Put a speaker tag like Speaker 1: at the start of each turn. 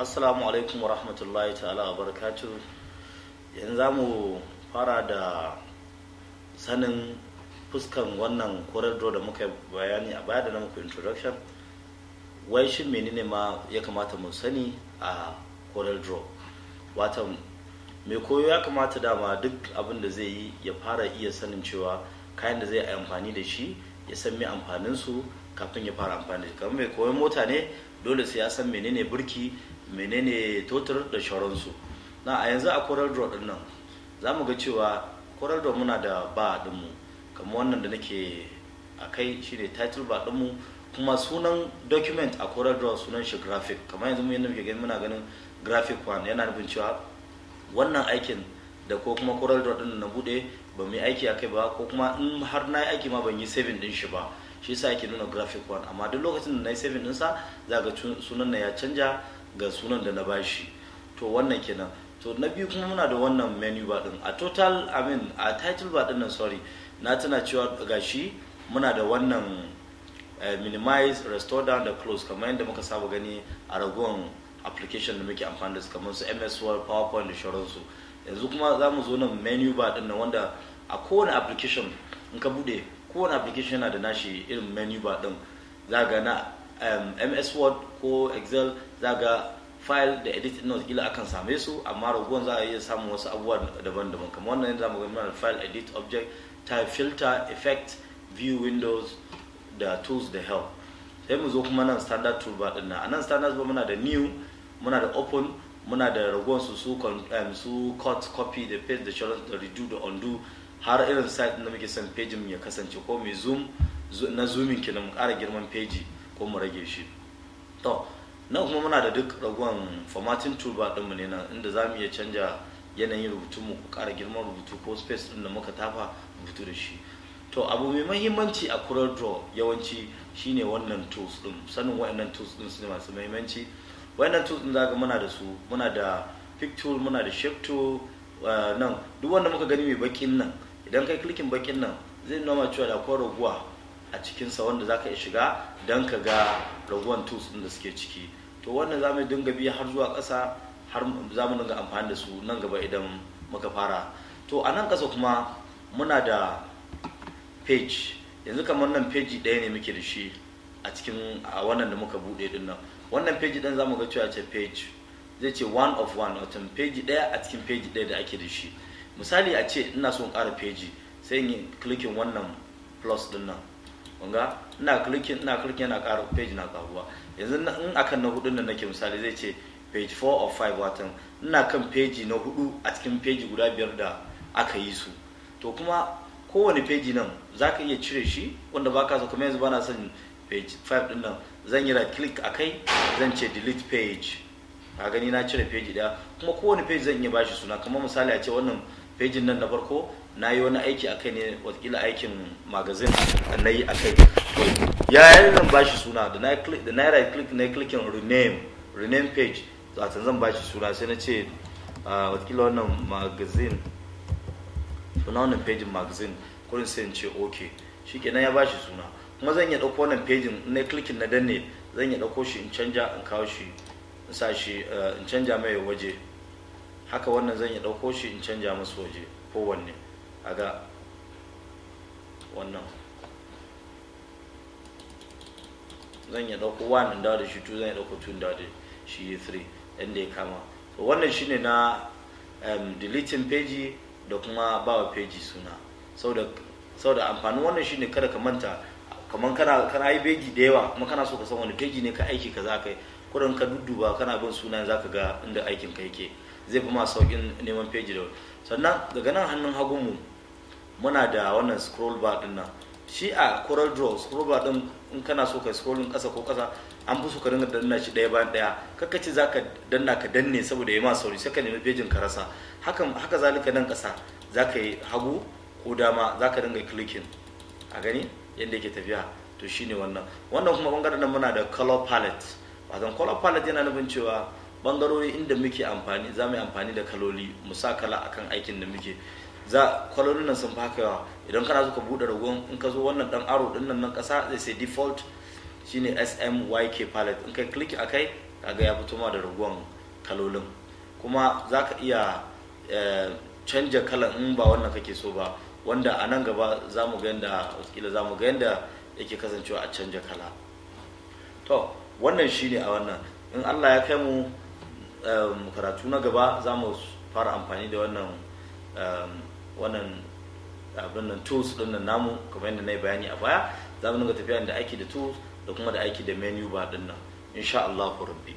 Speaker 1: assalamu alaikum wa rahmatullahi ta'ala wa barakatu yanzu za mu fara da sanin fuskan wannan corridor da muka bayani a baya da na muku introduction wai shin menene ma ya kamata mu sani a draw? wata mai koyo ya kamata dama duk abin da zai yi ya fara iya sanin cewa kayan da zai amfani da shi ya san mai amfaninsu kafin ya fara amfani da shi? kamar mai koyon mota ne dole sai ya san menene burki menene totar da sharansu na a yanzu a coral draw din nan za mu ga cewa coral draw muna da ba dinmu kamar wannan da nake a kai shine title ba dinmu kuma sunan document a coral draw sunan shi graphic kamar yanzu mu yanda muke gani muna ganin graphic one yana nufin cewa wannan aikin da ko kuma coral draw din na bude ba mu yi aiki a kai ba ko kuma in har na yi aiki ma ban yi saving din shi ba shi yasa yake nuna graphic one amma duk lokacin da na yi saving din sa za ga sunan na ya canja ga sunan da na bashi to wannan kenan to na biyu kuma muna da wannan menu ba din a total i mean a title ba din nan sorry na tana cewa ga shi muna da wannan eh, minimize restore down da close kamar yadda muka saba gani a ragowar application da muke amfani da su kamar su ms word powerpoint da su, yanzu kuma za mu zo nan menu ba din nan wanda a kowane application in ka bude kowane application yana da nashi irin menu ba din za ga na ms word ko excel za ga file da edit notes kila akan same su amma raguwan za a iya samun wasu abubuwa daban-daban kamar wannan za mu ga muna da file edit object type filter effect view windows da tools da help sai mu zo kuma nan standard toolbar din nan a nan standard ba muna da new muna da open muna da raguwan su su su cut copy da paste da shirin, da redo da undo har irin site da muke son page ya kasance ko mai zoom na zooming kenan mu ƙara girman page ko mu rage shi to na kuma muna da duk ragon formatting toolbar ɗinmu ne nan inda za mu iya canja yanayin rubutu mu ƙara girman rubutu ko space ɗin da muka tafa rubutu da shi to abu mai mahimmanci a kurar draw yawanci shine wannan tools ɗin sanin wa'annan tools ɗin su ne masu mahimmanci waannan tools ɗin zaka muna da su muna da pick tool muna da shape tool eh, nan duk wanda muka gani mai bakin nan idan kai klikin bakin nan zai noma cewa da akwai raguwa a cikin cikinsa wanda zaka iya shiga dan ka ga raguwan tools ɗin da suke ciki to wannan za mu dinga biya har zuwa ƙasa har za mu dinga amfani da su nan gaba idan muka fara to a nan ƙasa kuma muna da page yanzu kamar nan page ɗaya ne muke da shi a cikin wannan da muka buɗe din nan wannan page ɗin za mu ga cewa ce page zai ce one of one wato page ɗaya a cikin page ɗaya da ake da shi misali a ce ina so in ƙara page sai in yi clicking wannan plus din nan ga ina clicking ina clicking yana ƙara page na ƙaruwa yanzu in akan na hudun nan nake misali zai ce page 4 or 5 watan ina kan page na hudu a cikin page guda biyar da aka yi su to kuma kowane page nan za ka iya cire shi wanda ba ka so kuma yanzu bana son page 5 din nan zan yi right click akai zan ce delete page a gani na cire page daya kuma kowane page zan iya bashi suna kamar misali a ce wannan pejin nan na farko na yi wani aiki a kai ne watakila aikin magazin na yi a kai ya yi zan ba shi suna da na yi da na right click na clicking rename rename page zaten zan ba shi suna sai na ce ah, watakila wannan magazin suna wannan pejin magazin kurin sai ce ok shi kenan ya ba shi suna kuma zan iya ɗauko wannan pejin na clicking na danne zan iya ɗauko shi in canja in kawo shi in sa shi eh, in canja mai waje haka wannan zan yi ɗauko shi in canja musu waje kowanne a ga wannan zan yi ɗauko 1 in dawo da shi 2 zan yi ɗauko 2 in dawo da shi 3 inda ya kama so wannan shine na um, deleting page da kuma bawa page suna sau da amfanin wannan shine kada ka manta kamar kana kana yi beji da yawa kuma kana so ka san wani peji ne ka aiki ka za ka yi kurin ka dudduba kana bin sunan za ka ga inda aikin ka yake zai fi masu saukin neman page load sannan daga nan hannun hagunmu muna da wannan scroll bar din nan shi a coral draw scroll bar din in kana so ka scrolling kasa ko kasa an fi so ka dinga danna shi daya bayan ɗaya, daya za ka danna ka danne saboda ya ma sauri sai ka nemi pejin ka rasa Haka haka zalika nan kasa ka yi hagu ko dama za ka dinga clicking a gani yadda yake tafiya to shine wannan wannan kuma bangaren nan muna da color palette wato color palette yana nufin cewa bangarori inda muke amfani za mu yi amfani da kaloli mu sa kala akan aikin da muke za kalolin nan sun faka yawa idan kana so ka bude ragon in ka zo wannan dan aro din nan na kasa zai sai default shine SMYK palette in kai click kai kaga ya fito ma da ragon kalolin kuma za ka iya eh, canja kala in ba wannan kake so ba wanda a nan gaba za mu ga yadda za mu ga yadda yake kasancewa a canja kala to wannan shine a wannan in allah ya kai mu Um, karatu na gaba za mu fara amfani da wannan um, abin nan tools din nan namu kamar yadda na yi bayani a baya za mu dinga tafiya da aiki da tools da kuma da aiki da menu bar din nan insha Allah rabbi